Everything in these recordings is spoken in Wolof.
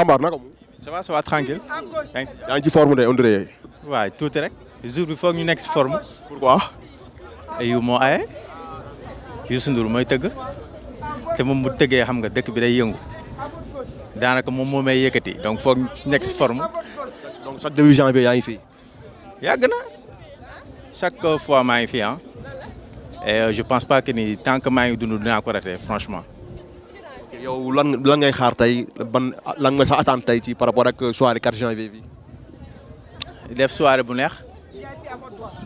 jàmbaar naka mu. ça va ça va tranquille. yaa ngi ci forme de on dirait. waaw rek. jour bi foog ñu nekk si forme. pourquoi. ayu mo ay Youssou Ndour mooy tëgg. te moom bu teugé xam nga dëkk bi day yëngu. danaka mom momay yëkëti donc foog nekk ci forme. donc chaque début janvier yaa ngi fii. yàgg na chaque fois ma ngi fi hein ah. et euh, je pense pas que ni tant que ma ngi dund dinaa ko raté franchement yow lan lan ngay xaar tay ban lan nga sa attente tay ci par rapport ak euh, soirée 4 janvier bi. def soirée bu neex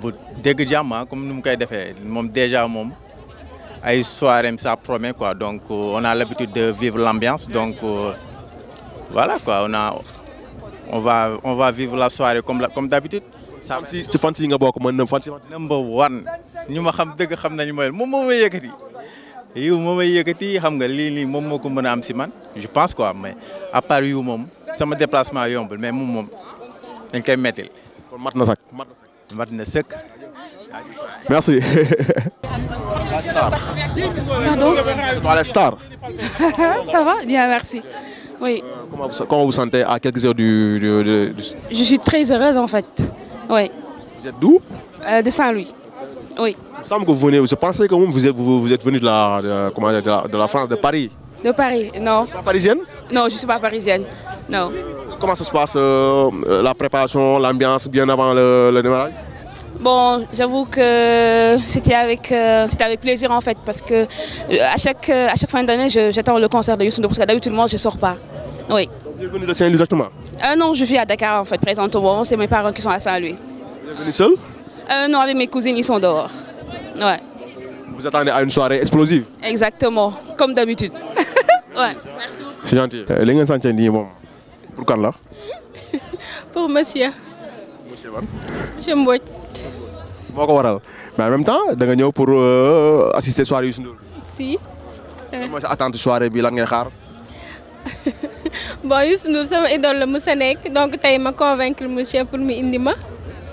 bu dégg jàmm ah, comme nous mu koy defee moom déjà mom ay soirée ça promet quoi donc euh, on a l'habitude de vivre l'ambiance donc euh, voilà quoi on a on va on va vivre la soirée comme la comme d'habitude. ça si ci fan nga bok mën na fan si. number one ñuma ma xam dëgg xam nañu moy moom moo ma je pense quoi mais à part ça mon mon déplacement yombul mais mon, moom dañ koy merci. star. la star. Ça va Bien, merci. Oui. Euh, comment, vous, vous sentez à quelques heures du, Je suis très heureuse en fait. Oui. Vous êtes d'où euh, De Saint-Louis. Oui. vous venez, je pensais que vous, êtes, vous, êtes venu de la, la, France, de Paris. De Paris, non. parisienne Non, je ne suis pas parisienne. Non. Comment ça se passe, euh, euh, la préparation, l'ambiance bien avant le, démarrage Bon, j'avoue que c'était avec, euh, avec plaisir en fait, parce que à chaque, à chaque fin d'année, j'attends le concert de Youssou parce que d'habitude, monde je ne sors pas. Oui. Vous venez venu de Saint-Louis directement Non, je vis à Dakar en fait, présentement. C'est mes parents qui sont à Saint-Louis. Vous êtes venu seul euh, non, avec mes cousines, ils sont dehors. Ouais. Vous attendez à une soirée explosive Exactement, comme d'habitude. ouais. Merci beaucoup. C'est gentil. Euh, pour quand là Pour monsieur. Monsieur Ban Monsieur Mbouch. Bon. mais en même temps vous êtes pour euh, assister soirée Youssou Ndour. si. Comment vous attendez la soirée bi lan ngay xaar. bon Youssou est dans idole le Donc, donc ma convaincre monsieur pour me indima.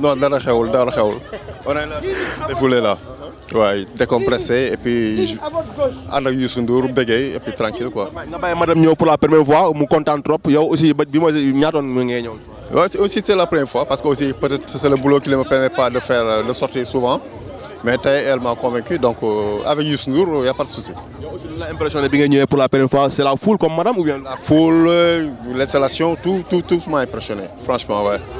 Non, dans dans le chaos. On est là, défoulé là. Ouais, décompressé et puis Avec ak Youssou bégay et puis tranquille quoi. madame pour la première fois suis content trop yow aussi c'est la première fois parce que aussi peut-être c'est le boulot qui ne me permet pas de faire de sortir souvent. Mais elle m'a convaincu, donc euh, avec Youssou il n'y a pas de souci. L'impression de bien pour la première fois, c'est la foule comme madame ou bien La foule, euh, l'installation, tout, tout, tout m'a impressionné, franchement, ouais.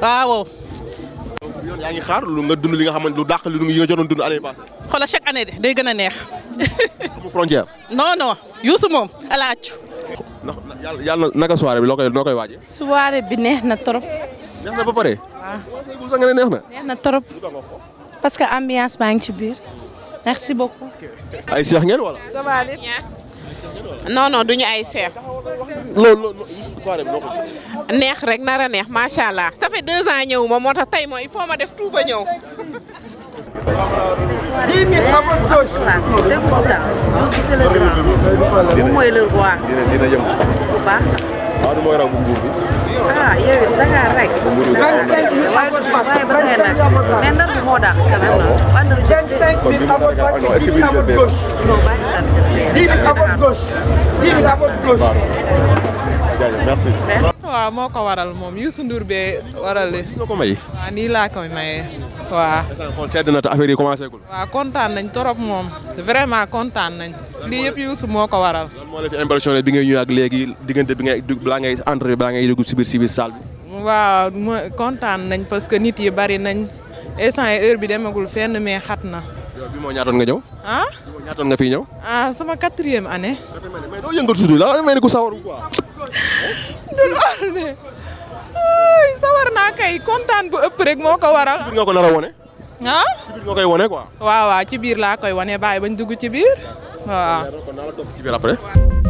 Ah, waaw yoon yaa ngi xaar lu nga dund li nga xamante lu dàq lu nga jotoon dund année passée xoolal chaque année de day gën a neex amu frontière non non yuusu moom ala accu ndax yàlla naka soirée bi loo koy noo koy waajee soirée bi neex na trop neex na ba pare waaw sax nga neex na neex na trop parce que ambiance baa ci biir merci beaucoup ay seex ngeen wala ça va non non duñu ay seex. loolu loolu neex rek nar a neex macha allah. ça fait deux ans ñëw ma moo tax tey mooy il faut ma def tout ba ñëw. lii nit ma ko jooj waaw dégg si tam aussi c'est le grand moom mooy le roi bu baax sax ah yow it Dakar rek Dakar rek waaye waaye bu xëy nag mais ndar bi moo dàq quand même ah. dix moo ko waral moom Youssou Ndour bee waral li. ko may. nii laa koy mayee waaw. sedd na te affaire yi commencé gul. kontaan nañ trop moom vraiment kontaan nañ. lii yëpp Youssou moo ko waral. lan bi nga ñëw ak léegi diggante bi ngay dugg balaa ngay entré balaa ngay dugg si biir si biir salle bi. waaw mooy kontaan nañ parce que nit yi bari nañ instant heure bi demagul fenn mais xat na. bi moo ñaatoon nga ñëw. ñaatoon nga fi ñëw. ah sama quatrième année. quatrième année mais yëngatu tuuti mel ni ku sawaru quoi. du loolu de ay sawar naa kay kontaan bu ëpp rek moo ko waral. ci biir nga ko nar a wone. ah ci biir nga koy wone quoi. ci biir laa wone bàyyi bañ dugg ci biir waaw.